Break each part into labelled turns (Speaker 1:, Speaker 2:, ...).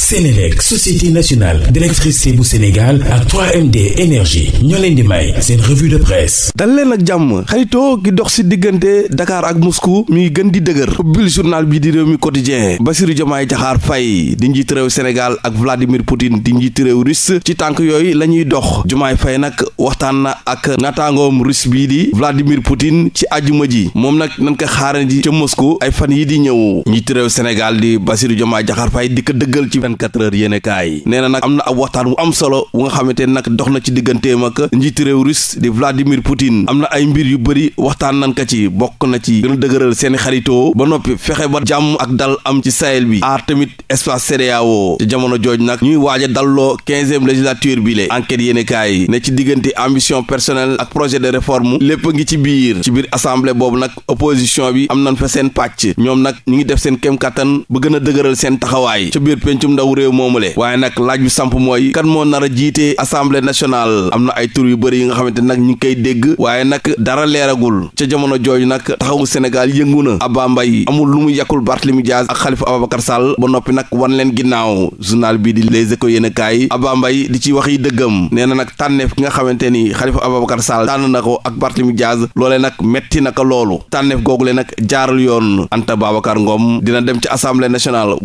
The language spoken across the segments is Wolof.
Speaker 1: Sénélec société nationale d'électricité bu Sénégal ak 3MD énergie ñoo leen di may seen revue de presse. dal leen ak jàmm xaritoo gi dox ci diggante Dakar ak Moscou muy gën di dëgër ubbil journal bi di réew mi quotidien Bassirou Diomaye Diakhar Faye di njiit réew Sénégal ak Vladimir Poutine di njiit réew russe ci tànk yooyu la ñuy dox Diomaye Faye nag waxtaan na ak naataangoom russe bi di Vladimir Poutine ci àjjuma ji moom nag nan ko xaarandi ca Moscou ay fan yi di ñëw njiit réew Sénégal di Bassirou Diomaye di ko dëggal ci 24 heures yéene kaay nee na nag am na ab waxtaan wu am solo wu nga xamante nag dox na ci digganteem ak njiitu réew russe di Vladimir Poutine am na ay mbir yu bëri waxtaan nan ka ci bokk na ci gën a dëgëral seeni xaritoo ba noppi fexe ba jàmm ak dal am ci Sahel bi aar tamit espace CEDEAO te jamono jooj nag ñuy waaja a dalloo quinzième législature bi le enquête yéene kaay ne ci diggante ambition personnelle ak projet de réforme lépp ngi ci biir ci biir assemblée boobu nag opposition bi am nañ fa seen pàcc ñoom nag ñu ngi def seen kéem kattan ba gën a dëgëral seen taxawaay njiitum ndaw réew moomule waaye nag laaj bi samp mooy kan moo nar a jiite assemblée nationale am na ay tur yu bëri yi nga xamante nag ñi ngi koy dégg waaye nag dara leeragul ca jamono jooju nag taxawu Sénégal yëngu na Abba Mbaye amul lu mu yàkkul Barthélémy Dias ak Khalifa Ababacar Sall ba noppi nag wan leen ginnaaw journal bii di Les Échos yéen a kaay Abba Mbaye di ci wax yi dëggam nee na nag tànneef ki nga xamante ni Khalifa Ababacar Sall tànn na ko ak Barthélémy jaas loolee nag metti na loolu tànneef googu le nag jaarul yoon Anta Babacar dina dem ci assemblée nationale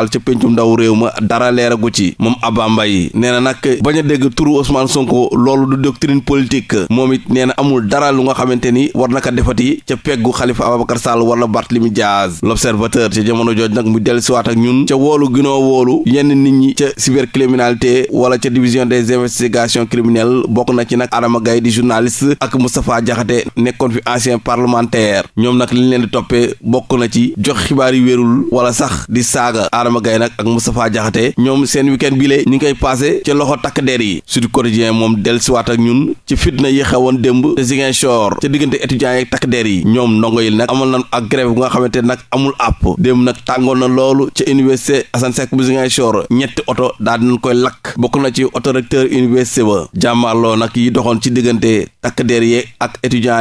Speaker 1: Fall ca péncum ndaw réew ma dara leeragu ci moom Abba Mbaye nee na nag bañ a dégg turu Ousmane Sonko loolu du doctrine politique moom it nee na amul dara lu nga xamante ni war na ko defati ca peggu Khalifa Ababacar Sall wala Barthélemy Diaz l'observateur ca jamono jooj nag mu dellusiwaat ak ñun ca woolu ginoo woolu yenn nit ñi ca cybercriminalité wala ca division des investigations criminelles bokk na ci nag Adama Gaye di journaliste ak Moustapha Diakhaté nekkoon fi ancien parlementaire ñoom nag liñ leen di toppee bokk na ci jox xibaar yi wérul wala sax di saaga Adama Gaye nag ak Moustapha Diakhaté ñoom seen week-end bi lee ñu ngi koy passé ci loxo takk der yi Sud Quotidien moom dellusiwaat ak ñun ci fitna yi xewoon démb te Ziguinchor ca diggante étudiants yi takk der yi ñoom ndongo yi nag amal nañ ak grève nga xamante nag amul àpp démb nag tàngoon na loolu ca université Assane Seck bu Ziguinchor ñetti oto daal dinañ koy lakk bokk na ci oto recteur université ba jàmmaarloo nag yi doxoon ci diggante takk der yi ak étudiants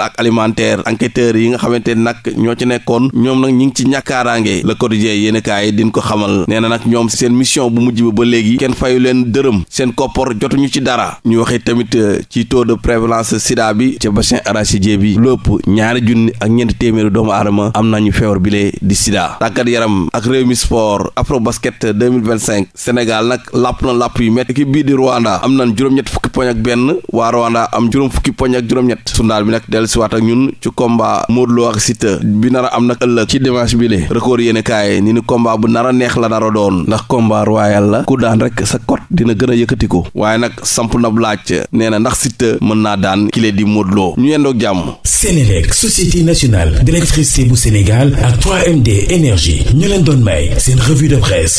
Speaker 1: ak alimentaire enqueteur yi nga xamante nag ñoo ci nekkoon ñoom nag ñi ngi ci ñàkkaaraange le quotidien yéen kaay din ko xamal nee na nag ñoom seen mission bu mujj ba ba léegi kenn fayu leen dërëm seen koppor jotuñu ci dara ñu waxee tamit euh, ci taux de prévalence sida bi ca bassin arachidier bi lépp ñaari junni ak ñeenti téeméeri doomu aadama am na nañu feebar bile di sida tàggat yaram ak réew mi sport afro basket 2025 Sénégal nag làpp na làpp yu métti équipe bii di Rwanda am nañ juróom-ñett fukki poñ ak benn waa Rwanda am juróom fukki poñ ak juróom-ñett sundaal nag del si ak ñun ci combat Modou Lo ak Siteu bi nar am na ëllëg ci dimanche bile le record yéen kaay ni ni combat bu nar a neex la nar doon ndax combat royal la ku daan rek sa cote dina gën a yëkkati waaye nag samp na bu laaj nee na ndax Siteu mën naa daan kile di Modou Lo ñu yendoog jàmm Sénélec société nationale d'électricité bu Sénégal ak 3MD énergie ñu leen doon may seen revue de presse